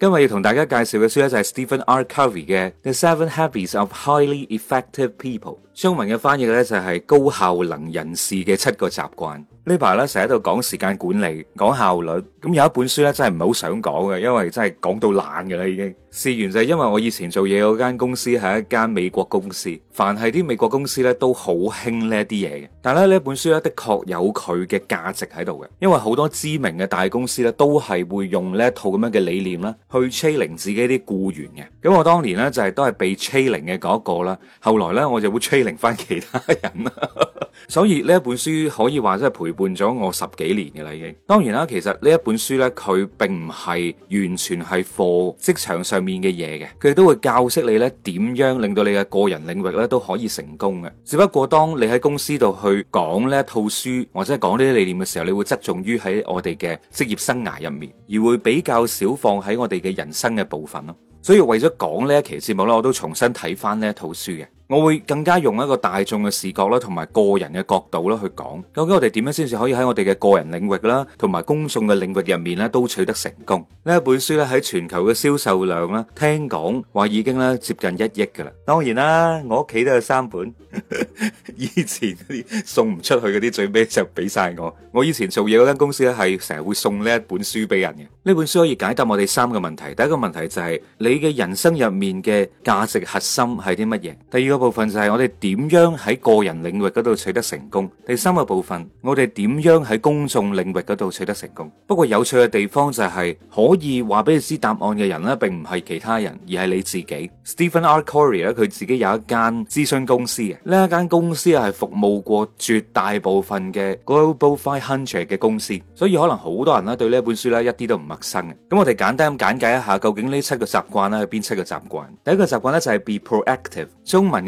今日要同大家介紹嘅書咧就係 Stephen R Covey 嘅 The Seven Habits of Highly Effective People，中文嘅翻譯咧就係高效能人士嘅七個習慣。呢排咧成日喺度講時間管理，講效率，咁有一本書咧真係唔係好想講嘅，因為真係講到爛噶啦已經。事緣就係因為我以前做嘢嗰間公司係一間美國公司，凡係啲美國公司呢都好興呢啲嘢嘅。但係咧呢本書呢，的確有佢嘅價值喺度嘅，因為好多知名嘅大公司呢都係會用呢一套咁樣嘅理念啦去 training 自己啲雇員嘅。咁我當年呢，就係、是、都係被 training 嘅嗰、那個啦，後來呢，我就會 training 返其他人啦。 所以呢一本書可以話真係陪伴咗我十幾年嘅啦已經。當然啦，其實呢一本書呢，佢並唔係完全係課職場上。上面嘅嘢嘅，佢哋都會教識你呢點樣令到你嘅個人領域呢都可以成功嘅。只不過當你喺公司度去講呢一套書或者係講呢啲理念嘅時候，你會側重於喺我哋嘅職業生涯入面，而會比較少放喺我哋嘅人生嘅部分咯。所以為咗講呢一期節目呢，我都重新睇返呢一套書嘅。我會更加用一個大眾嘅視角啦，同埋個人嘅角度啦，去講究竟我哋點樣先至可以喺我哋嘅個人領域啦，同埋公眾嘅領域入面咧都取得成功。呢一本書咧喺全球嘅銷售量啦，聽講話已經咧接近一億噶啦。當然啦，我屋企都有三本，以前送唔出去嗰啲最尾就俾曬我。我以前做嘢嗰間公司咧係成日會送呢一本書俾人嘅。呢本書可以解答我哋三個問題。第一個問題就係你嘅人生入面嘅價值核心係啲乜嘢？第二個。部分就係我哋點樣喺個人領域嗰度取得成功。第三個部分，我哋點樣喺公眾領域嗰度取得成功。不過有趣嘅地方就係可以話俾你知答案嘅人咧，並唔係其他人，而係你自己。Stephen R. Covey 咧，佢自己有一間諮詢公司嘅，呢一間公司啊，係服務過絕大部分嘅 Global 500嘅公司，所以可能好多人咧對呢一本書咧一啲都唔陌生嘅。咁我哋簡單咁簡介一下，究竟呢七個習慣咧係邊七個習慣？第一個習慣咧就係 Be Proactive，中文。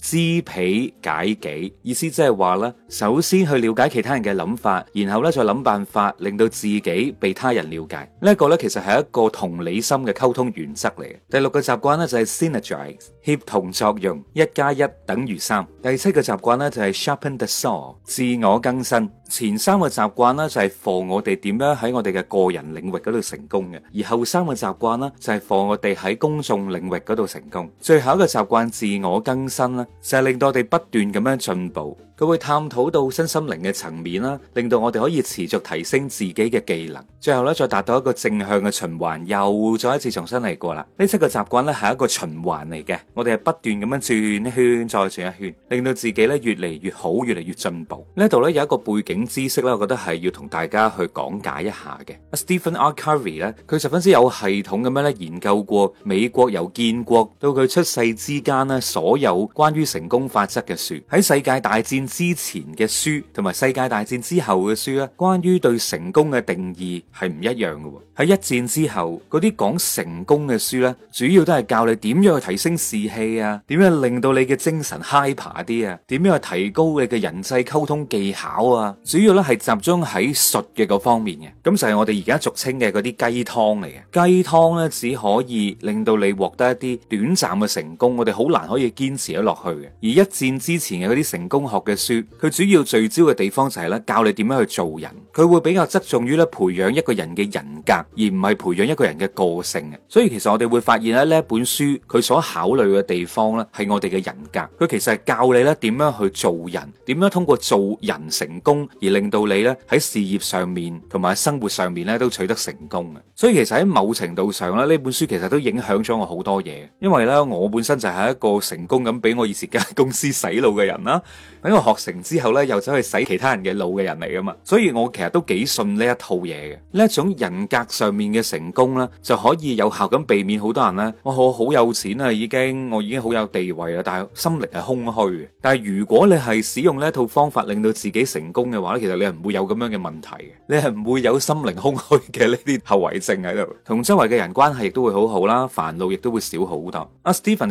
知彼解己，意思即係話咧，首先去了解其他人嘅諗法，然後咧再諗辦法令到自己被他人了解。呢一個咧其實係一個同理心嘅溝通原則嚟嘅。第六個習慣咧就係 Synergize 協同作用，一加一等於三。第七個習慣咧就係 Sharpen the Saw 自我更新。前三個習慣呢，就係防我哋點樣喺我哋嘅個人領域嗰度成功嘅；而後三個習慣呢，就係防我哋喺公眾領域嗰度成功。最後一個習慣自我更新啦，就係、是、令到我哋不斷咁樣進步。佢會探討到身心靈嘅層面啦，令到我哋可以持續提升自己嘅技能，最後咧再達到一個正向嘅循環，又再一次重新嚟過啦。呢七個習慣咧係一個循環嚟嘅，我哋係不斷咁樣轉一圈再轉一圈，令到自己咧越嚟越好，越嚟越進步。呢度咧有一個背景知識咧，我覺得係要同大家去講解一下嘅。Stephen R. Covey 咧，佢十分之有系統咁樣咧研究過美國由建國到佢出世之間咧所有關於成功法則嘅書，喺世界大戰之前嘅書同埋世界大戰之後嘅書咧，關於對成功嘅定義係唔一樣嘅。喺一戰之後嗰啲講成功嘅書咧，主要都係教你點樣去提升士氣啊，點樣令到你嘅精神嗨爬啲啊，點樣去提高你嘅人際溝通技巧啊，主要咧係集中喺術嘅嗰方面嘅。咁就係我哋而家俗稱嘅嗰啲雞湯嚟嘅。雞湯咧只可以令到你獲得一啲短暫嘅成功，我哋好難可以堅持得落去嘅。而一戰之前嘅嗰啲成功學嘅書佢主要聚焦嘅地方就係咧，教你點樣去做人，佢會比較側重於咧培養一個人嘅人格，而唔係培養一個人嘅個性嘅。所以其實我哋會發現咧，呢一本書佢所考慮嘅地方咧，係我哋嘅人格。佢其實係教你咧點樣去做人，點樣通過做人成功而令到你咧喺事業上面同埋喺生活上面咧都取得成功嘅。所以其實喺某程度上咧，呢本書其實都影響咗我好多嘢。因為咧，我本身就係一個成功咁俾我以前間公司洗腦嘅人啦，等我，學成之後呢，又走去洗其他人嘅腦嘅人嚟噶嘛。所以我其實都幾信呢一套嘢嘅。呢一種人格上面嘅成功呢，就可以有效咁避免好多人呢。我好好有錢啊，已經我已經好有地位啦，但係心靈係空虛。但係如果你係使用呢一套方法令到自己成功嘅話呢，其實你係唔會有咁樣嘅問題嘅，你係唔會有心靈空虛嘅呢啲後遺症喺度。同周圍嘅人關係亦都會好好啦，煩惱亦都會少好多。阿 Stephen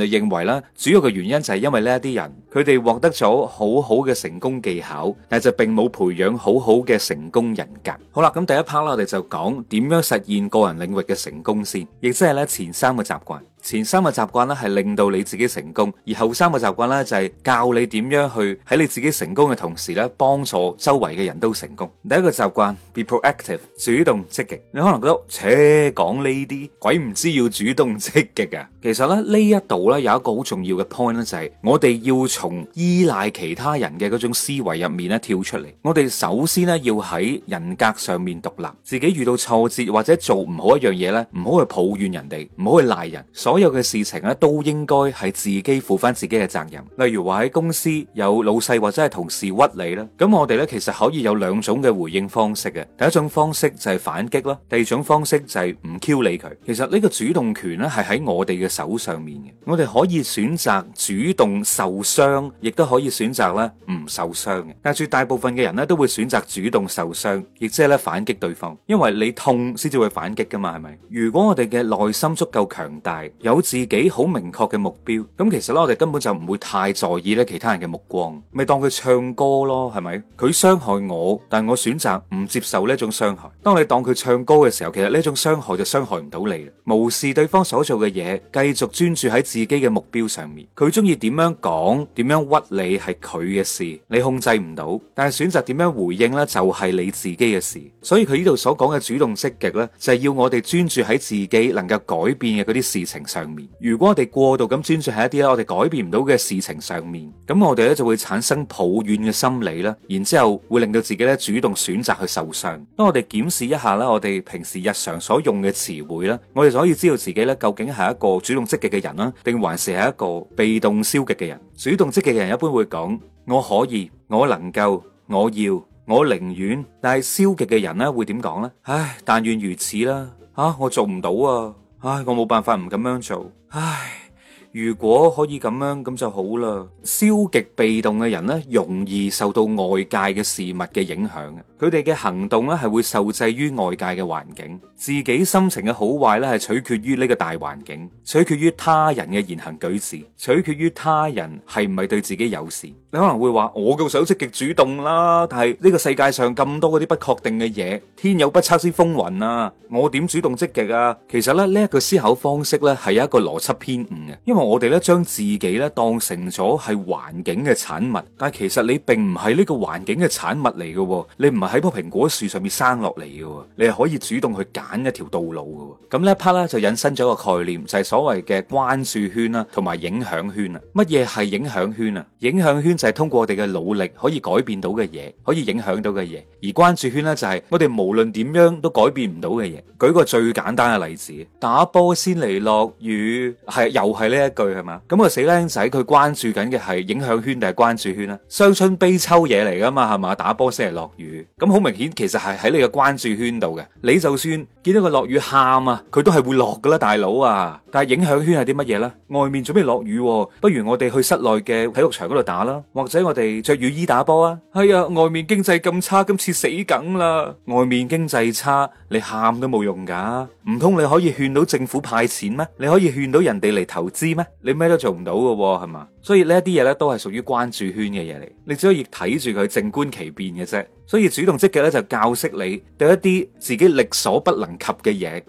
嘅成功技巧，但係就並冇培養好好嘅成功人格。好啦，咁第一 part 啦，我哋就講點樣實現個人領域嘅成功先，亦即係咧前三個習慣。前三個習慣咧係令到你自己成功，而後三個習慣咧就係教你點樣去喺你自己成功嘅同時咧幫助周圍嘅人都成功。第一個習慣，be proactive，主動積極。你可能覺得，扯講呢啲鬼唔知要主動積極啊。其實咧呢一度咧，有一個好重要嘅 point 咧，就係我哋要從依賴其他人嘅嗰種思維入面咧跳出嚟。我哋首先咧要喺人格上面獨立，自己遇到挫折或者做唔好一樣嘢咧，唔好去抱怨人哋，唔好去賴人。所所有嘅事情咧都應該係自己負翻自己嘅責任。例如話喺公司有老細或者係同事屈你啦，咁我哋咧其實可以有兩種嘅回應方式嘅。第一種方式就係反擊啦，第二種方式就係唔鬼理佢。其實呢個主動權咧係喺我哋嘅手上面嘅。我哋可以選擇主動受傷，亦都可以選擇咧唔受傷。但係絕大部分嘅人咧都會選擇主動受傷，亦即係咧反擊對方。因為你痛先至會反擊噶嘛，係咪？如果我哋嘅內心足夠強大。有自己好明確嘅目標，咁其實咧我哋根本就唔會太在意咧其他人嘅目光，咪當佢唱歌咯，係咪？佢傷害我，但我選擇唔接受呢一種傷害。當你當佢唱歌嘅時候，其實呢一種傷害就傷害唔到你啦。無視對方所做嘅嘢，繼續專注喺自己嘅目標上面。佢中意點樣講，點樣屈你係佢嘅事，你控制唔到。但係選擇點樣回應咧，就係你自己嘅事。所以佢呢度所講嘅主動積極咧，就係要我哋專注喺自己能夠改變嘅嗰啲事情。上面，如果我哋過度咁專注喺一啲咧，我哋改變唔到嘅事情上面，咁我哋咧就會產生抱怨嘅心理啦，然之後會令到自己咧主動選擇去受傷。當我哋檢視一下咧，我哋平時日常所用嘅詞彙啦，我哋就可以知道自己咧究竟係一個主動積極嘅人啦，定還是係一個被動消極嘅人？主動積極嘅人一般會講我可以，我能夠，我要，我寧願，但係消極嘅人咧會點講呢？唉，但願如此啦。吓、啊，我做唔到啊！唉，我冇辦法唔咁樣做。唉，如果可以咁樣咁就好啦。消極被動嘅人呢，容易受到外界嘅事物嘅影響。佢哋嘅行動咧係會受制於外界嘅環境，自己心情嘅好壞咧係取決於呢個大環境，取決於他人嘅言行舉止，取決於他人係唔係對自己有事。你可能會話，我夠想積極主動啦，但係呢個世界上咁多嗰啲不確定嘅嘢，天有不測之風雲啊！我點主動積極啊？其實咧，呢一個思考方式咧係有一個邏輯偏誤嘅，因為我哋咧將自己咧當成咗係環境嘅產物，但係其實你並唔係呢個環境嘅產物嚟嘅，你唔係，喺棵蘋果樹上面生落嚟嘅，你係可以主動去揀一條道路嘅。咁呢一 part 咧就引申咗一個概念，就係、是、所謂嘅關注圈啦，同埋影響圈啊。乜嘢係影響圈啊？影響圈就係通過我哋嘅努力可以改變到嘅嘢，可以影響到嘅嘢。而關注圈呢，就係我哋無論點樣都改變唔到嘅嘢。舉個最簡單嘅例子，打波先嚟落雨，係又係呢一句係嘛？咁、那個死僆仔佢關注緊嘅係影響圈定係關注圈啊？傷春悲秋嘢嚟噶嘛係嘛？打波先嚟落雨。咁好明顯，其實係喺你嘅關注圈度嘅。你就算見到佢落雨喊啊，佢都係會落噶啦，大佬啊。但係影響圈係啲乜嘢呢？外面準備落雨，啊？不如我哋去室內嘅體育場嗰度打啦，或者我哋着雨衣打波啊。係、哎、呀，外面經濟咁差，今次死梗啦。外面經濟差，你喊都冇用噶、啊。唔通你可以勸到政府派錢咩？你可以勸到人哋嚟投資咩？你咩都做唔到嘅、啊，係嘛？所以呢一啲嘢呢，都係屬於關注圈嘅嘢嚟。你只可以睇住佢靜觀其變嘅啫。所以主動積極咧，就教識你對一啲自己力所不能及嘅嘢，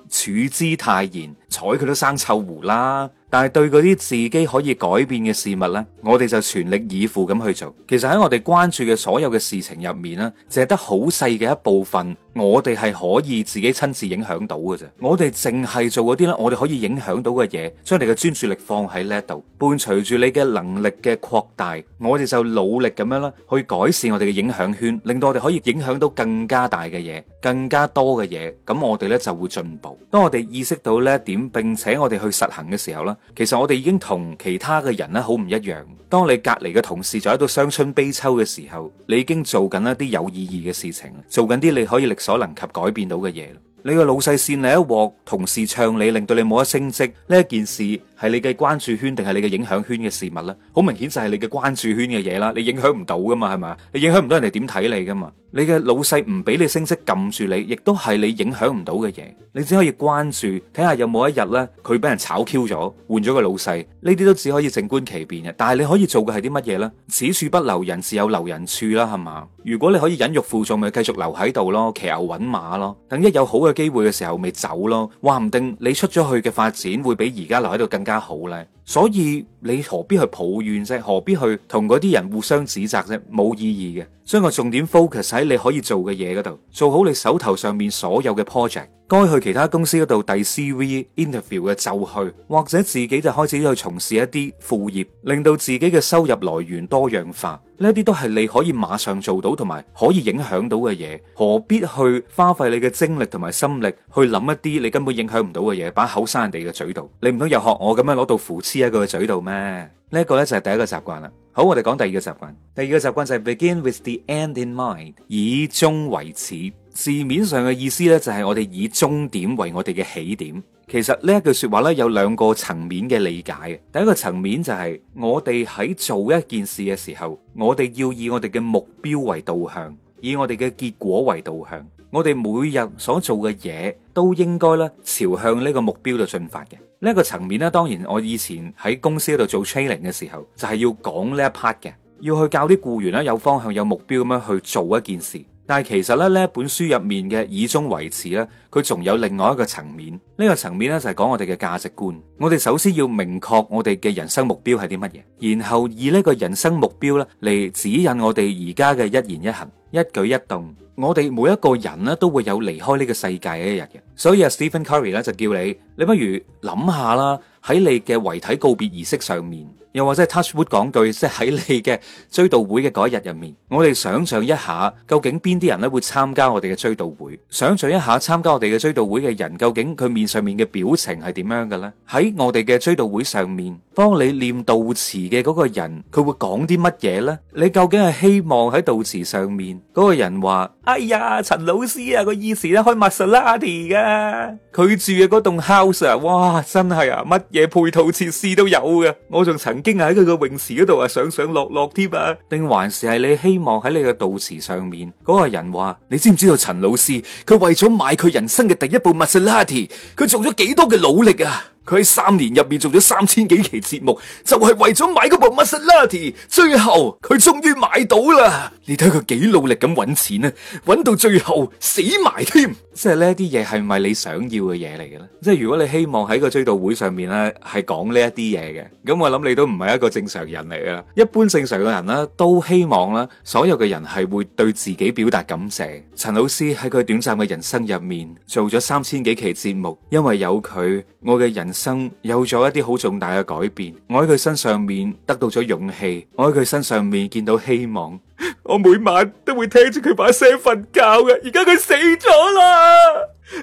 處之泰然。睬佢都生臭狐啦！但係對嗰啲自己可以改變嘅事物咧，我哋就全力以赴咁去做。其實喺我哋關注嘅所有嘅事情入面咧，淨係得好細嘅一部分，我哋係可以自己親自影響到嘅啫。我哋淨係做嗰啲咧，我哋可以影響到嘅嘢，將你嘅專注力放喺呢一度，伴隨住你嘅能力嘅擴大，我哋就努力咁樣啦，去改善我哋嘅影響圈，令到我哋可以影響到更加大嘅嘢，更加多嘅嘢。咁我哋咧就會進步。當我哋意識到呢一點，並且我哋去實行嘅時候咧，其實我哋已經同其他嘅人咧好唔一樣。當你隔離嘅同事就喺度傷春悲秋嘅時候，你已經做緊一啲有意義嘅事情，做緊啲你可以力所能及改變到嘅嘢。你個老細扇你一鑊，同事唱你，令到你冇得升職，呢一件事係你嘅關注圈定係你嘅影響圈嘅事物咧？好明顯就係你嘅關注圈嘅嘢啦，你影響唔到噶嘛，係咪啊？你影響唔到人哋點睇你噶嘛？你嘅老細唔俾你升職，撳住你，亦都係你影響唔到嘅嘢。你只可以關注，睇下有冇一日呢，佢俾人炒 Q 咗，換咗個老細，呢啲都只可以靜觀其變嘅。但係你可以。可以做嘅係啲乜嘢呢？此處不留人，自有留人處啦，係嘛？如果你可以忍辱負重，咪繼續留喺度咯，騎牛揾馬咯。等一有好嘅機會嘅時候，咪走咯。話唔定你出咗去嘅發展會比而家留喺度更加好呢？所以你何必去抱怨啫？何必去同嗰啲人互相指責啫？冇意義嘅。將個重點 focus 喺你可以做嘅嘢嗰度，做好你手頭上面所有嘅 project。該去其他公司嗰度遞 CV、interview 嘅就去，或者自己就開始去從事一啲副業，令到自己嘅收入來源多樣化。呢一啲都係你可以馬上做到，同埋可以影響到嘅嘢。何必去花費你嘅精力同埋心力去諗一啲你根本影響唔到嘅嘢，把口生喺人哋嘅嘴度？你唔通又學我咁樣攞到腐黐喺佢嘅嘴度咩？呢一個咧就係第一個習慣啦。好，我哋講第二個習慣。第二個習慣就係 begin with the end in mind，以終為始。字面上嘅意思呢，就係我哋以終點為我哋嘅起點。其實呢一句說話呢，有兩個層面嘅理解。第一個層面就係我哋喺做一件事嘅時候，我哋要以我哋嘅目標為導向，以我哋嘅結果為導向。我哋每日所做嘅嘢都應該呢朝向呢個目標度進發嘅。呢一個層面呢，當然我以前喺公司度做 training 嘅時候，就係要講呢一 part 嘅，要去教啲僱員咧有方向、有目標咁樣去做一件事。但係其實咧，呢本書入面嘅以終為始呢，佢仲有另外一個層面。呢、呢個層面呢，就係講我哋嘅價值觀。我哋首先要明確我哋嘅人生目標係啲乜嘢，然後以呢個人生目標呢嚟，指引我哋而家嘅一言一行、一舉一動。我哋每一個人咧都會有離開呢個世界嘅一日嘅。所以啊，Stephen Curry 咧就叫你，你不如諗下啦，喺你嘅遺體告別儀式上面。又或者 touch wood 講句，即係喺你嘅追悼會嘅嗰一日入面，我哋想象一下，究竟邊啲人咧會參加我哋嘅追悼會？想象一下參加我哋嘅追悼會嘅人，究竟佢面上面嘅表情係點樣嘅咧？喺我哋嘅追悼會上面，幫你念悼詞嘅嗰個人，佢會講啲乜嘢咧？你究竟係希望喺悼詞上面嗰個人話：哎呀，陳老師啊，個以前咧開瑪莎拉蒂噶，佢住嘅嗰棟 house 啊，哇，真係啊，乜嘢配套設施都有嘅，我仲曾驚喺佢個泳池嗰度啊，上上落落添啊！定還是係你希望喺你嘅悼詞上面嗰、嗰個人話？你知唔知道陳老師佢為咗買佢人生嘅第一部 Maserati 佢做咗幾多嘅努力啊？佢喺三年入面做咗三千幾期節目，就係為咗買嗰部 Mustang。最後佢終於買到啦！你睇佢幾努力咁揾錢啊，揾到最後死埋添。即係呢一啲嘢係咪你想要嘅嘢嚟嘅咧？即係如果你希望喺個追悼會上面咧係講呢一啲嘢嘅，咁我諗你都唔係一個正常人嚟噶啦。一般正常嘅人啦，都希望啦，所有嘅人係會對自己表達感謝。陳老師喺佢短暫嘅人生入面做咗三千幾期節目，因為有佢，我嘅人。生有咗一啲好重大嘅改變，我喺佢身上面得到咗勇氣，我喺佢身上面見到希望，我每晚都會聽住佢把聲瞓覺嘅，而家佢死咗啦，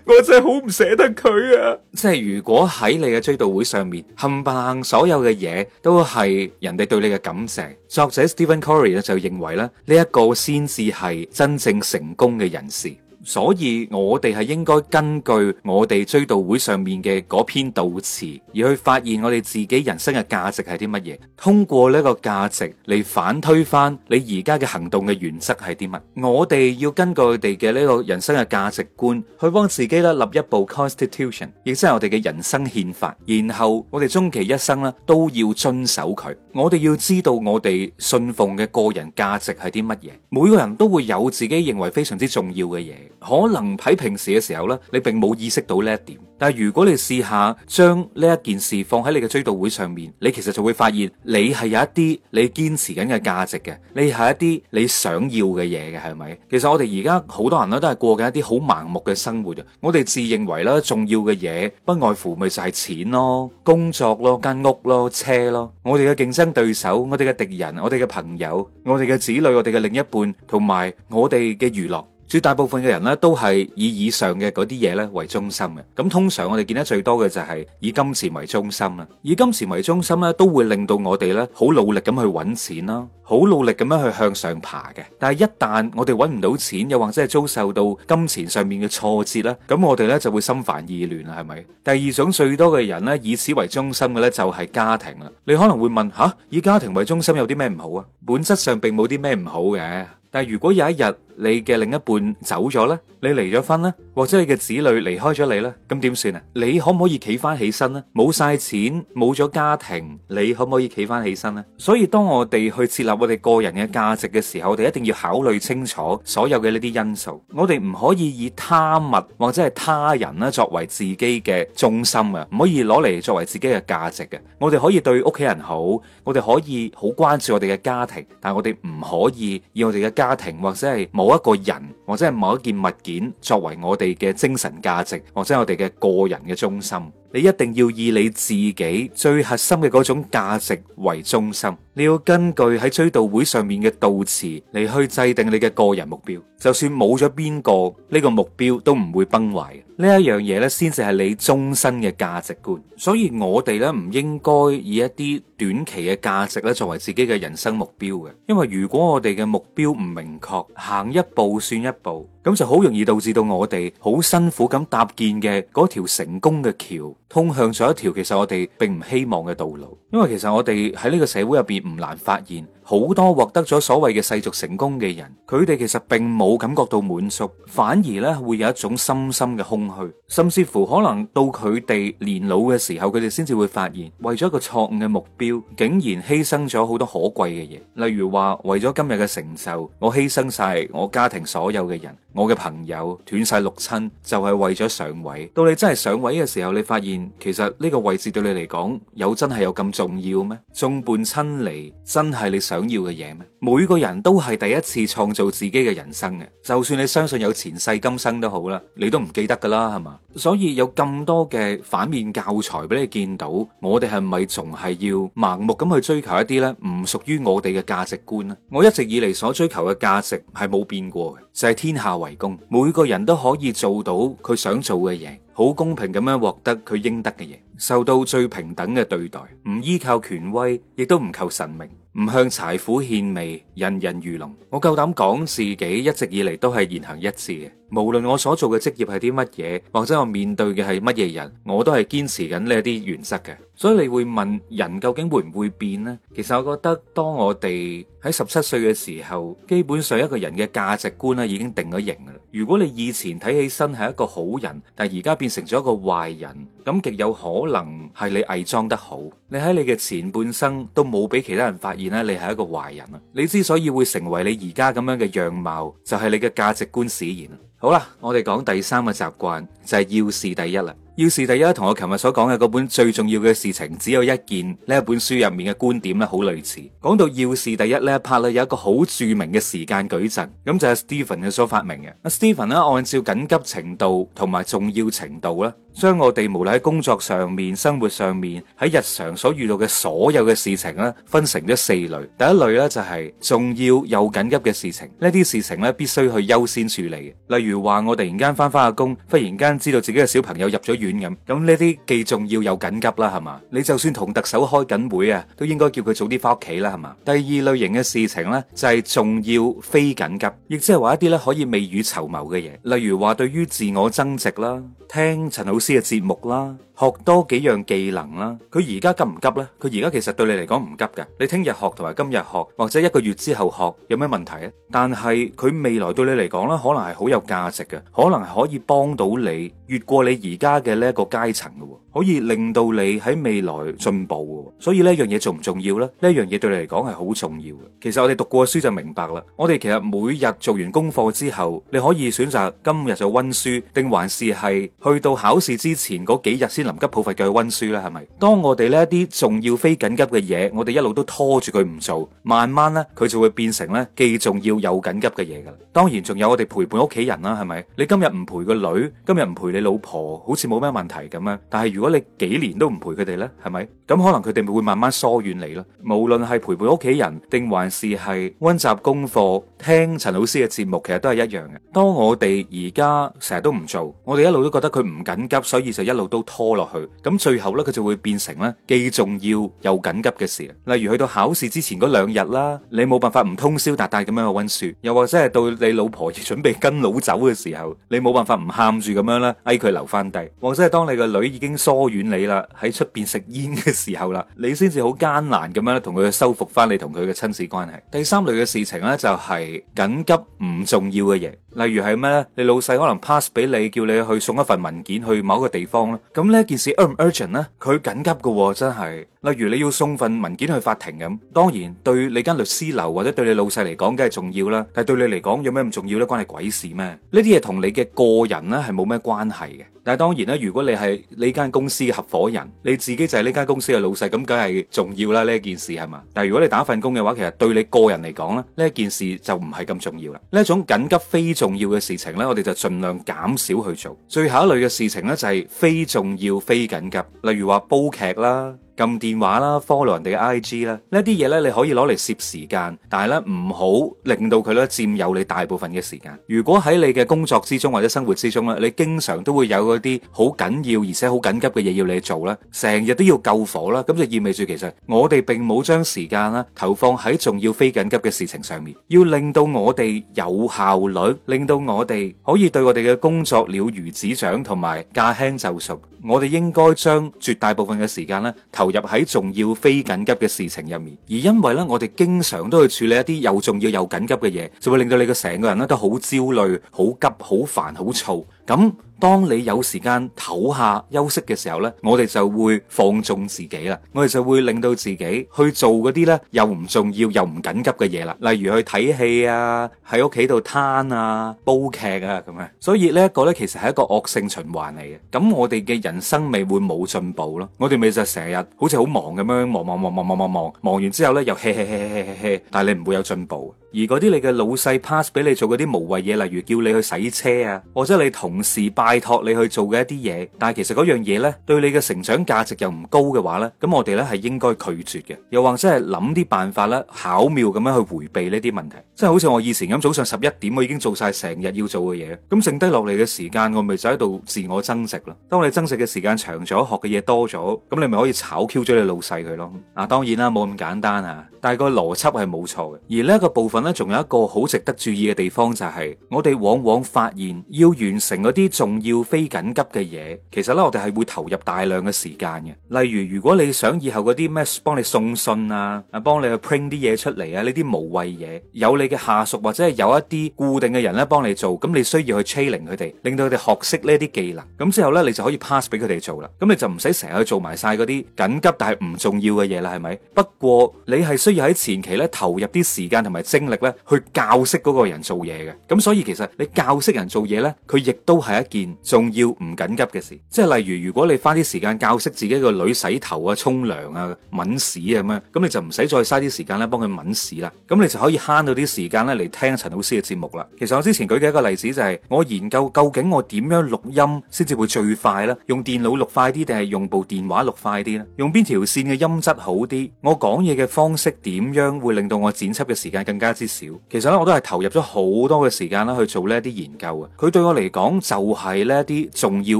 我真係好唔捨得佢啊！即係如果喺你嘅追悼會上面，冚唪唥所有嘅嘢都係人哋對你嘅感謝。作者 Stephen Covey 咧就認為咧呢一個先至係真正成功嘅人士。所以我哋係應該根據我哋追悼會上面嘅嗰篇悼詞，而去發現我哋自己人生嘅價值係啲乜嘢。通過呢個價值嚟反推返你而家嘅行動嘅原則係啲乜。我哋要根據佢哋嘅呢個人生嘅價值觀，去幫自己咧立一部 constitution，亦即係我哋嘅人生憲法。然後我哋終其一生咧都要遵守佢。我哋要知道我哋信奉嘅個人價值係啲乜嘢。每個人都會有自己認為非常之重要嘅嘢。可能喺平時嘅時候呢，你並冇意識到呢一點。但係如果你試下將呢一件事放喺你嘅追悼會上面，你其實就會發現你係有一啲你堅持緊嘅價值嘅，你係一啲你想要嘅嘢嘅，係咪？其實我哋而家好多人咧都係過緊一啲好盲目嘅生活啊！我哋自認為啦重要嘅嘢，不外乎咪就係錢咯、工作咯、間屋咯、車咯。我哋嘅競爭對手、我哋嘅敵人、我哋嘅朋友、我哋嘅子女、我哋嘅另一半同埋我哋嘅娛樂。絕大部分嘅人咧，都係以以上嘅嗰啲嘢咧為中心嘅。咁通常我哋見得最多嘅就係以金錢為中心啦。以金錢為中心咧，都會令到我哋咧好努力咁去揾錢啦，好努力咁樣去向上爬嘅。但係一旦我哋揾唔到錢，又或者係遭受到金錢上面嘅挫折啦，咁我哋咧就會心煩意亂啦，係咪？第二種最多嘅人咧，以此為中心嘅咧就係家庭啦。你可能會問吓，以家庭為中心有啲咩唔好啊？本質上並冇啲咩唔好嘅。但係如果有一日，你嘅另一半走咗咧，你離咗婚咧，或者你嘅子女離開咗你咧，咁點算啊？你可唔可以企翻起身呢？冇晒錢，冇咗家庭，你可唔可以企翻起身呢？所以當我哋去設立我哋個人嘅價值嘅時候，我哋一定要考慮清楚所有嘅呢啲因素。我哋唔可以以他物或者係他人咧作為自己嘅中心啊，唔可以攞嚟作為自己嘅價值嘅。我哋可以對屋企人好，我哋可以好關注我哋嘅家庭，但係我哋唔可以以我哋嘅家庭或者係某一個人或者係某一件物件作為我哋嘅精神價值或者我哋嘅個人嘅中心，你一定要以你自己最核心嘅嗰種價值為中心。你要根據喺追悼會上面嘅悼詞嚟去制定你嘅個人目標，就算冇咗邊個，呢個目標都唔會崩壞。呢一樣嘢咧，先至係你終身嘅價值觀。所以我哋咧，唔應該以一啲短期嘅價值咧作為自己嘅人生目標嘅，因為如果我哋嘅目標唔明確，行一步算一步，咁就好容易導致到我哋好辛苦咁搭建嘅嗰條成功嘅橋，通向咗一條其實我哋並唔希望嘅道路。因為其實我哋喺呢個社會入邊唔難發現。好多獲得咗所謂嘅世俗成功嘅人，佢哋其實並冇感覺到滿足，反而呢會有一種深深嘅空虛，甚至乎可能到佢哋年老嘅時候，佢哋先至會發現，為咗一個錯誤嘅目標，竟然犧牲咗好多可貴嘅嘢，例如話為咗今日嘅成就，我犧牲晒我家庭所有嘅人，我嘅朋友斷晒六親，就係為咗上位。到你真係上位嘅時候，你發現其實呢個位置對你嚟講，有真係有咁重要咩？眾叛親離，真係你想想要嘅嘢咩？每個人都係第一次創造自己嘅人生嘅。就算你相信有前世今生都好啦，你都唔記得噶啦，係嘛？所以有咁多嘅反面教材俾你見到，我哋係咪仲係要盲目咁去追求一啲咧？唔屬於我哋嘅價值觀咧？我一直以嚟所追求嘅價值係冇變過嘅，就係天下為公，每個人都可以做到佢想做嘅嘢，好公平咁樣獲得佢應得嘅嘢，受到最平等嘅對待，唔依靠權威，亦都唔求神明。唔向柴虎獻媚，人人如龍。我夠膽講自己，一直以嚟都係言行一致嘅。無論我所做嘅職業係啲乜嘢，或者我面對嘅係乜嘢人，我都係堅持緊呢啲原則嘅。所以你會問人究竟會唔會變呢？其實我覺得，當我哋喺十七歲嘅時候，基本上一個人嘅價值觀咧已經定咗型啦。如果你以前睇起身係一個好人，但係而家變成咗一個壞人，咁極有可能係你偽裝得好。你喺你嘅前半生都冇俾其他人發現咧，你係一個壞人啊。你之所以會成為你而家咁樣嘅樣貌，就係你嘅價值觀使然。好啦，我哋講第三個習慣就係要事第一啦。要事第一同我琴日所講嘅嗰本最重要嘅事情只有一件呢一本書入面嘅觀點咧好類似，講到要事第一呢一 part 咧有一個好著名嘅時間矩陣，咁就係 Stephen 嘅所發明嘅。阿 Stephen 咧按照緊急程度同埋重要程度咧，將我哋無論喺工作上面、生活上面喺日常所遇到嘅所有嘅事情咧分成咗四類。第一類呢，就係重要又緊急嘅事情，呢啲事情呢，必須去優先處理。例如話我突然間翻翻下工，忽然間知道自己嘅小朋友入咗。遠咁咁，呢啲既重要又緊急啦，係嘛？你就算同特首開緊會啊，都應該叫佢早啲翻屋企啦，係嘛？第二類型嘅事情呢，就係重要非緊急，亦即係話一啲呢可以未雨綢繆嘅嘢，例如話對於自我增值啦、聽陳老師嘅節目啦、學多幾樣技能啦，佢而家急唔急呢？佢而家其實對你嚟講唔急嘅，你聽日學同埋今日學或者一個月之後學有咩問題咧？但係佢未來對你嚟講咧，可能係好有價值嘅，可能係可以幫到你越過你而家嘅。呢一個階層嘅。可以令到你喺未來進步，所以呢一樣嘢重唔重要呢？呢一樣嘢對你嚟講係好重要嘅。其實我哋讀過書就明白啦。我哋其實每日做完功課之後，你可以選擇今日就溫書，定還是係去到考試之前嗰幾日先臨急抱佛腳去溫書啦？係咪？當我哋呢啲重要非緊急嘅嘢，我哋一路都拖住佢唔做，慢慢呢，佢就會變成呢既重要又緊急嘅嘢噶啦。當然仲有我哋陪伴屋企人啦，係咪？你今日唔陪個女，今日唔陪你老婆，好似冇咩問題咁啊？但係如如果你幾年都唔陪佢哋咧，係咪？咁可能佢哋咪會慢慢疏遠你囉。無論係陪陪屋企人，定還是係溫習功課、聽陳老師嘅節目，其實都係一樣嘅。當我哋而家成日都唔做，我哋一路都覺得佢唔緊急，所以就一路都拖落去。咁最後咧，佢就會變成咧既重要又緊急嘅事。例如去到考試之前嗰兩日啦，你冇辦法唔通宵達旦咁樣去溫書，又或者係到你老婆要準備跟老走嘅時候，你冇辦法唔喊住咁樣啦，嗌佢留翻低，或者係當你個女已經疏。疏遠你啦，喺出邊食煙嘅時候啦，你先至好艱難咁樣同佢去修復翻你同佢嘅親子關係。第三類嘅事情呢，就係緊急唔重要嘅嘢。例如係咩咧？你老細可能 pass 俾你，叫你去送一份文件去某一個地方啦。咁呢一件事 urgent 唔 urgent 咧？佢緊急噶，真係。例如你要送份文件去法庭咁，當然對你間律師樓或者對你老細嚟講，梗係重要啦。但係對你嚟講，有咩咁重要咧？關你鬼事咩？呢啲嘢同你嘅個人咧係冇咩關係嘅。但係當然啦，如果你係你間公司嘅合伙人，你自己就係呢間公司嘅老細，咁梗係重要啦，呢一件事係嘛？但係如果你打份工嘅話，其實對你個人嚟講咧，呢一件事就唔係咁重要啦。呢一種緊急非常重要嘅事情咧，我哋就盡量減少去做。最後一類嘅事情呢，就係非重要、非緊急，例如話煲劇啦。撳電話啦，follow 人哋嘅 IG 啦，呢一啲嘢咧，你可以攞嚟攝時間，但係咧唔好令到佢咧佔有你大部分嘅時間。如果喺你嘅工作之中或者生活之中咧，你經常都會有嗰啲好緊要而且好緊急嘅嘢要你做啦，成日都要救火啦，咁就意味住其實我哋並冇將時間啦投放喺重要非緊急嘅事情上面，要令到我哋有效率，令到我哋可以對我哋嘅工作了如指掌同埋駕輕就熟。我哋應該將絕大部分嘅時間咧投。投入喺重要非緊急嘅事情入面，而因為咧，我哋經常都去處理一啲又重要又緊急嘅嘢，就會令到你嘅成個人咧都好焦慮、好急、好煩、好躁咁。當你有時間唞下休息嘅時候呢，我哋就會放縱自己啦，我哋就會令到自己去做嗰啲咧又唔重要又唔緊急嘅嘢啦，例如去睇戲啊，喺屋企度攤啊，煲劇啊咁樣。所以呢一個呢，其實係一個惡性循環嚟嘅。咁我哋嘅人生咪會冇進步咯，我哋咪就成日好似好忙咁樣忙忙忙忙忙忙忙，忙完之後呢，又嘿嘿嘿嘿嘿，嘿，但係你唔會有進步。而嗰啲你嘅老細 pass 俾你做嗰啲無謂嘢，例如叫你去洗車啊，或者你同事拜託你去做嘅一啲嘢，但係其實嗰樣嘢咧對你嘅成長價值又唔高嘅話咧，咁我哋咧係應該拒絕嘅，又或者係諗啲辦法咧巧妙咁樣去回避呢啲問題，即係好似我以前咁，早上十一點我已經做晒成日要做嘅嘢，咁剩低落嚟嘅時間，我咪就喺度自我增值咯。當你增值嘅時間長咗，學嘅嘢多咗，咁你咪可以炒 Q 咗你老細佢咯。啊，當然啦，冇咁簡單啊，但係個邏輯係冇錯嘅。而呢一個部分。咧仲有一個好值得注意嘅地方就係，我哋往往發現要完成嗰啲重要非緊急嘅嘢，其實咧我哋係會投入大量嘅時間嘅。例如如果你想以後嗰啲咩幫你送信啊，啊幫你去 print 啲嘢出嚟啊，呢啲無謂嘢，有你嘅下屬或者係有一啲固定嘅人咧幫你做，咁你需要去 training 佢哋，令到佢哋學識呢一啲技能，咁之後咧你就可以 pass 俾佢哋做啦。咁你就唔使成日去做埋晒嗰啲緊急但係唔重要嘅嘢啦，係咪？不過你係需要喺前期咧投入啲時間同埋精力。去教識嗰個人做嘢嘅，咁所以其實你教識人做嘢呢，佢亦都係一件重要唔緊急嘅事。即係例如，如果你花啲時間教識自己個女洗頭啊、沖涼啊、搣屎啊咁樣，咁你就唔使再嘥啲時間咧幫佢搣屎啦。咁你就可以慳到啲時間咧嚟聽陳老師嘅節目啦。其實我之前舉嘅一個例子就係，我研究究竟我點樣錄音先至會最快呢？用電腦錄快啲定係用部電話錄快啲呢？用邊條線嘅音質好啲？我講嘢嘅方式點樣會令到我剪輯嘅時間更加？少，其實咧我都係投入咗好多嘅時間啦，去做呢一啲研究嘅。佢對我嚟講就係呢一啲重要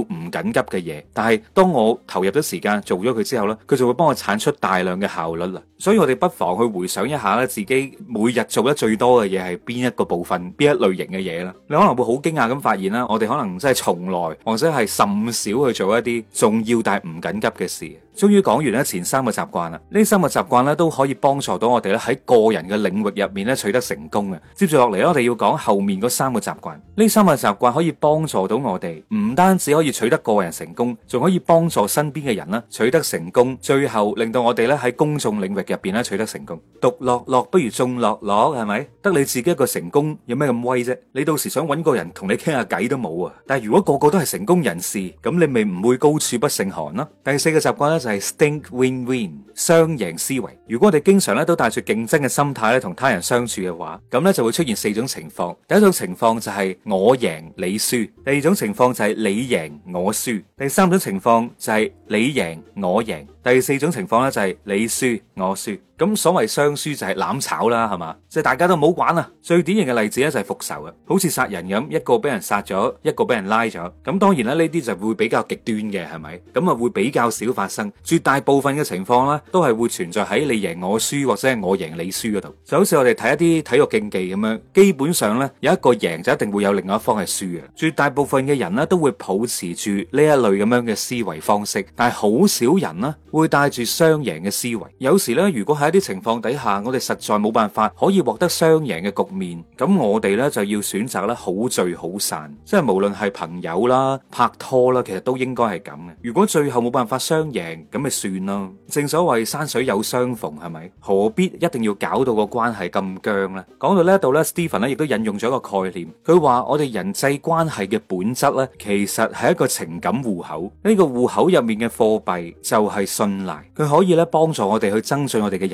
唔緊急嘅嘢，但係當我投入咗時間做咗佢之後咧，佢就會幫我產出大量嘅效率啦。所以我哋不妨去回想一下咧，自己每日做得最多嘅嘢係邊一個部分，邊一類型嘅嘢啦。你可能會好驚訝咁發現啦，我哋可能真係從來或者係甚少去做一啲重要但係唔緊急嘅事。終於講完咧前三個習慣啦，呢三個習慣咧都可以幫助到我哋咧喺個人嘅領域入面咧。取得成功啊！接住落嚟，我哋要講後面嗰三個習慣，呢三個習慣可以幫助到我哋，唔單止可以取得個人成功，仲可以幫助身邊嘅人啦取得成功。最後令到我哋咧喺公眾領域入邊咧取得成功。獨樂樂不如眾樂樂，係咪？得你自己一個成功，有咩咁威啫？你到時想搵個人同你傾下偈都冇啊！但係如果個個都係成功人士，咁你咪唔會高處不勝寒囉。第四個習慣咧就係 think win win，雙贏思維。如果我哋經常咧都帶住競爭嘅心態咧同他人相，住嘅話，咁咧就會出現四種情況。第一種情況就係我贏你輸，第二種情況就係你贏我輸，第三種情況就係你贏我贏，第四種情況咧就係你輸我輸。咁所謂雙輸就係攬炒啦，係嘛？就係大家都唔好玩啦。最典型嘅例子咧就係復仇啊，好似殺人咁，一個俾人殺咗，一個俾人拉咗。咁當然啦，呢啲就會比較極端嘅，係咪？咁啊會比較少發生。絕大部分嘅情況咧，都係會存在喺你贏我輸或者係我贏你輸嗰度。就好似我哋睇一啲體育競技咁樣，基本上咧有一個贏就一定會有另外一方係輸嘅。絕大部分嘅人咧都會抱持住呢一類咁樣嘅思維方式，但係好少人咧會帶住雙贏嘅思維。有時咧，如果係喺一啲情況底下，我哋實在冇辦法可以獲得雙贏嘅局面，咁我哋咧就要選擇咧好聚好散，即係無論係朋友啦、拍拖啦，其實都應該係咁嘅。如果最後冇辦法雙贏，咁咪算咯。正所謂山水有相逢，係咪？何必一定要搞到個關係咁僵呢？講到呢一度咧，Stephen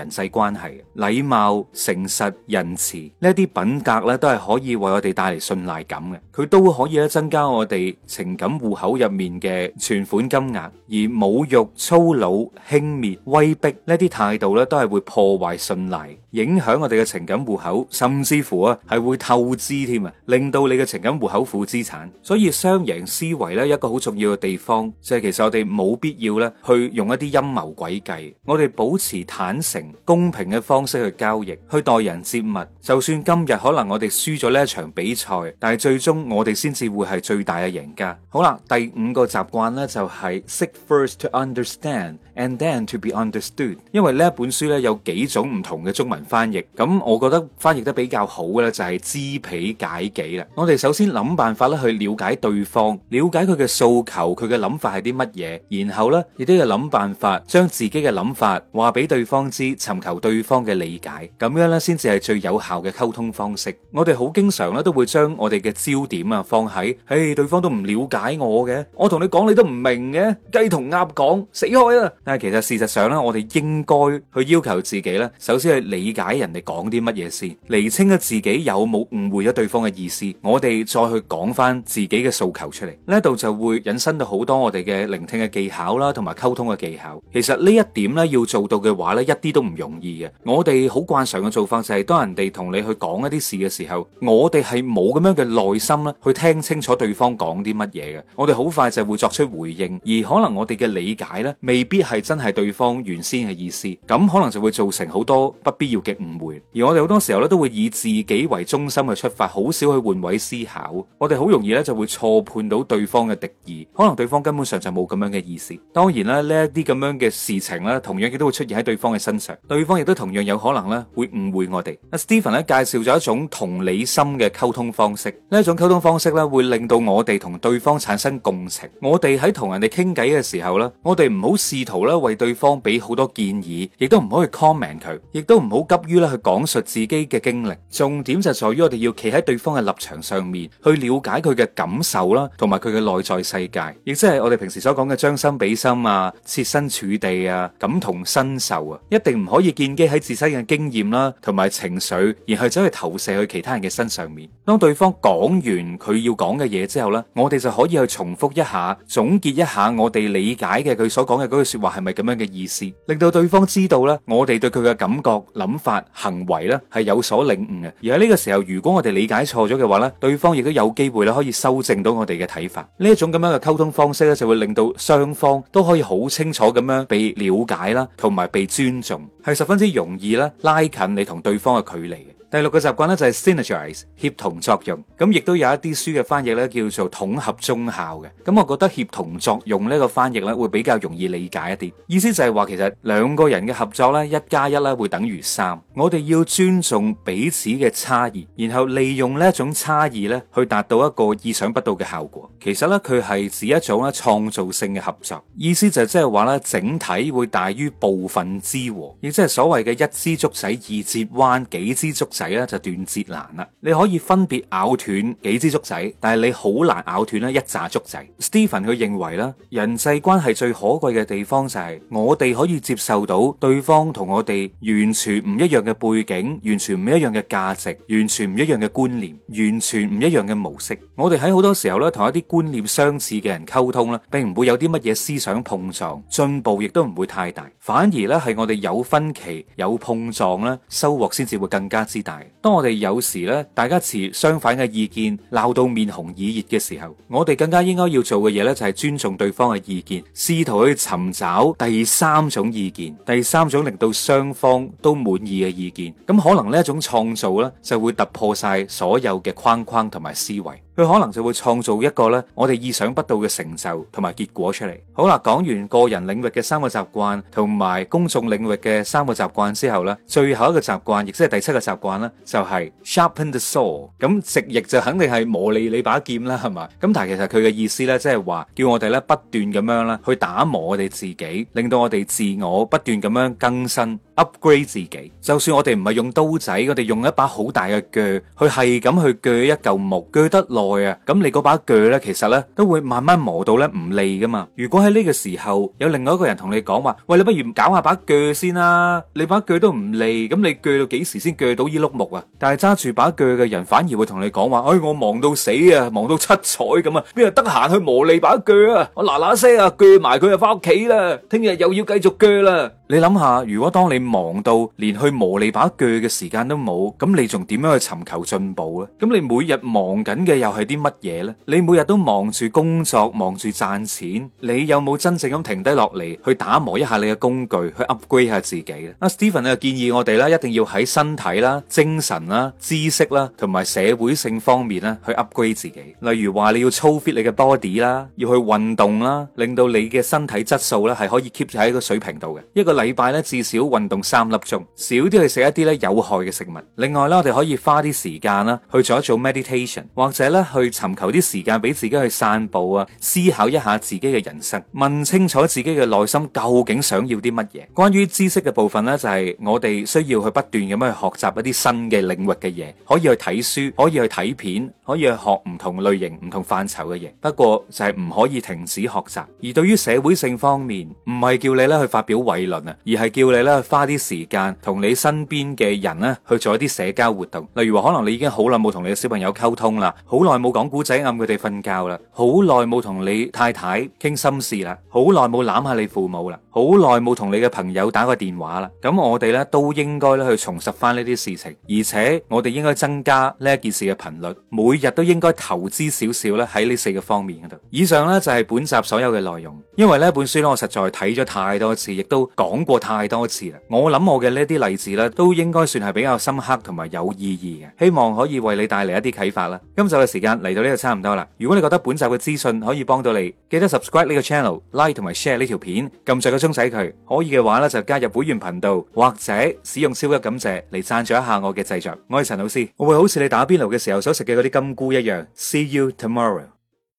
人際關係、禮貌、誠實、仁慈呢啲品格咧，都係可以為我哋帶嚟信賴感嘅。佢都可以咧增加我哋情感戶口入面嘅存款金額。而侮辱、粗魯、輕蔑、威逼呢啲態度咧，都係會破壞信賴，影響我哋嘅情感戶口，甚至乎啊係會透支添啊，令到你嘅情感戶口負資產。所以雙贏思維咧，一個好重要嘅地方即係，其實我哋冇必要咧去用一啲陰謀詭計，我哋保持坦誠。公平嘅方式去交易，去待人接物。就算今日可能我哋輸咗呢一場比賽，但係最終我哋先至會係最大嘅贏家。好啦，第五個習慣呢就係 “seek first to understand and then to be understood”。因為呢一本書呢有幾種唔同嘅中文翻譯，咁我覺得翻譯得比較好嘅咧就係“知彼解己”啦。我哋首先諗辦法咧去了解對方，了解佢嘅訴求，佢嘅諗法係啲乜嘢，然後呢亦都要諗辦法將自己嘅諗法話俾對方知。尋求對方嘅理解，咁樣咧先至係最有效嘅溝通方式。我哋好經常咧都會將我哋嘅焦點啊放喺，誒，對方都唔了解我嘅，我同你講你都唔明嘅，雞同鴨講，死開啦！但係其實事實上咧，我哋應該去要求自己咧，首先去理解人哋講啲乜嘢先，釐清咗自己有冇誤會咗對方嘅意思，我哋再去講翻自己嘅訴求出嚟。呢一度就會引申到好多我哋嘅聆聽嘅技巧啦，同埋溝通嘅技巧。其實呢一點咧要做到嘅話咧，一啲都唔。唔容易嘅，我哋好慣常嘅做法就係當人哋同你去講一啲事嘅時候，我哋係冇咁樣嘅耐心啦，去聽清楚對方講啲乜嘢嘅。我哋好快就會作出回應，而可能我哋嘅理解咧，未必係真係對方原先嘅意思。咁可能就會造成好多不必要嘅誤會。而我哋好多時候咧，都會以自己為中心去出發，好少去換位思考。我哋好容易咧就會錯判到對方嘅敵意，可能對方根本上就冇咁樣嘅意思。當然啦，呢一啲咁樣嘅事情咧，同樣亦都會出現喺對方嘅身上。對方亦都同樣有可能咧會誤會我哋。阿 Stephen 咧介紹咗一種同理心嘅溝通方式，呢一種溝通方式咧會令到我哋同對方產生共情。我哋喺同人哋傾偈嘅時候咧，我哋唔好試圖咧為對方俾好多建議，亦都唔好去 comment 佢，亦都唔好急於咧去講述自己嘅經歷。重點就在於我哋要企喺對方嘅立場上面，去了解佢嘅感受啦，同埋佢嘅內在世界，亦即係我哋平時所講嘅將心比心啊、設身處地啊、感同身受啊，一定唔。可以建基喺自身嘅經驗啦，同埋情緒，然後走去投射去其他人嘅身上面。當對方講完佢要講嘅嘢之後咧，我哋就可以去重複一下，總結一下我哋理解嘅佢所講嘅嗰句説話係咪咁樣嘅意思，令到對方知道咧，我哋對佢嘅感覺、諗法、行為咧係有所領悟嘅。而喺呢個時候，如果我哋理解錯咗嘅話咧，對方亦都有機會咧可以修正到我哋嘅睇法。呢一種咁樣嘅溝通方式咧，就會令到雙方都可以好清楚咁樣被了解啦，同埋被尊重。係十分之容易咧，拉近你同對方嘅距離嘅。第六個習慣呢，就係 synergize 協同作用，咁亦都有一啲書嘅翻譯呢，叫做統合綜效嘅，咁我覺得協同作用呢個翻譯呢，會比較容易理解一啲，意思就係話其實兩個人嘅合作呢，一加一咧會等於三，我哋要尊重彼此嘅差異，然後利用呢一種差異呢，去達到一個意想不到嘅效果。其實呢，佢係指一種咧創造性嘅合作，意思就係即係話呢，整體會大於部分之和，亦即係所謂嘅一枝竹仔二節彎，幾支竹仔。仔咧就斷節難啦，你可以分別咬斷幾支竹仔，但係你好難咬斷咧一扎竹仔。Stephen 佢認為咧，人際關係最可貴嘅地方就係我哋可以接受到對方同我哋完全唔一樣嘅背景，完全唔一樣嘅價值，完全唔一樣嘅觀念，完全唔一樣嘅模式。我哋喺好多時候咧，同一啲觀念相似嘅人溝通啦，並唔會有啲乜嘢思想碰撞，進步亦都唔會太大，反而咧係我哋有分歧、有碰撞啦，收穫先至會更加之大。當我哋有時咧，大家持相反嘅意見，鬧到面紅耳熱嘅時候，我哋更加應該要做嘅嘢咧，就係尊重對方嘅意見，試圖去尋找第三種意見，第三種令到雙方都滿意嘅意見。咁可能呢一種創造咧，就會突破晒所有嘅框框同埋思維。佢可能就會創造一個咧，我哋意想不到嘅成就同埋結果出嚟。好啦，講完個人領域嘅三個習慣同埋公眾領域嘅三個習慣之後咧，最後一個習慣，亦即係第七個習慣咧，就係 Sharpen the saw。咁直譯就肯定係磨利你把劍啦，係嘛？咁但係其實佢嘅意思咧，即係話叫我哋咧不斷咁樣啦，去打磨我哋自己，令到我哋自我不斷咁樣更新。upgrade 自己，就算我哋唔係用刀仔，我哋用一把好大嘅鋸，去係咁去鋸一嚿木，鋸得耐啊，咁你嗰把鋸呢，其實呢都會慢慢磨到呢唔利噶嘛。如果喺呢個時候有另外一個人同你講話，喂，你不如搞下把鋸先啦，你把鋸都唔利，咁你鋸到幾時先鋸到呢碌木啊？但係揸住把鋸嘅人反而會同你講話，哎，我忙到死啊，忙到七彩咁啊，邊度得閒去磨你把鋸啊？我嗱嗱聲啊，鋸埋佢就返屋企啦，聽日又要繼續鋸啦。你諗下，如果當你。忙到連去磨利把鋸嘅時間都冇，咁你仲點樣去尋求進步咧？咁你每日忙緊嘅又係啲乜嘢咧？你每日都忙住工作、忙住賺錢，你有冇真正咁停低落嚟去打磨一下你嘅工具，去 upgrade 下自己咧？阿、啊、Stephen 咧，建議我哋咧一定要喺身體啦、精神啦、知識啦同埋社會性方面咧去 upgrade 自己。例如話你要操 fit 你嘅 body 啦，要去運動啦，令到你嘅身體質素咧係可以 keep 喺個水平度嘅。一個禮拜咧至少運動。三粒鐘，少啲去食一啲咧有害嘅食物。另外咧，我哋可以花啲時間啦，去做一做 meditation，或者咧去尋求啲時間俾自己去散步啊，思考一下自己嘅人生，問清楚自己嘅內心究竟想要啲乜嘢。關於知識嘅部分呢，就係我哋需要去不斷咁樣去學習一啲新嘅領域嘅嘢，可以去睇書，可以去睇片，可以去學唔同類型、唔同範疇嘅嘢。不過就係唔可以停止學習。而對於社會性方面，唔係叫你咧去發表偉論啊，而係叫你咧去花啲時間同你身邊嘅人咧去做一啲社交活動，例如話可能你已經好耐冇同你嘅小朋友溝通啦，好耐冇講古仔暗佢哋瞓覺啦，好耐冇同你太太傾心事啦，好耐冇攬下你父母啦，好耐冇同你嘅朋友打個電話啦。咁我哋咧都應該咧去重拾翻呢啲事情，而且我哋應該增加呢一件事嘅頻率，每日都應該投資少少咧喺呢四個方面嗰度。以上咧就係本集所有嘅內容，因為呢本書咧我實在睇咗太多次，亦都講過太多次啦。我諗我嘅呢啲例子咧，都應該算係比較深刻同埋有意義嘅，希望可以為你帶嚟一啲啟發啦。今集嘅時間嚟到呢度差唔多啦。如果你覺得本集嘅資訊可以幫到你，記得 subscribe 呢個 channel、like 同埋 share 呢條片，撳著個鐘仔佢。可以嘅話呢就加入會員頻道或者使用超級感謝嚟贊助一下我嘅製作。我係陳老師，我會好似你打邊爐嘅時候所食嘅嗰啲金菇一樣。See you tomorrow。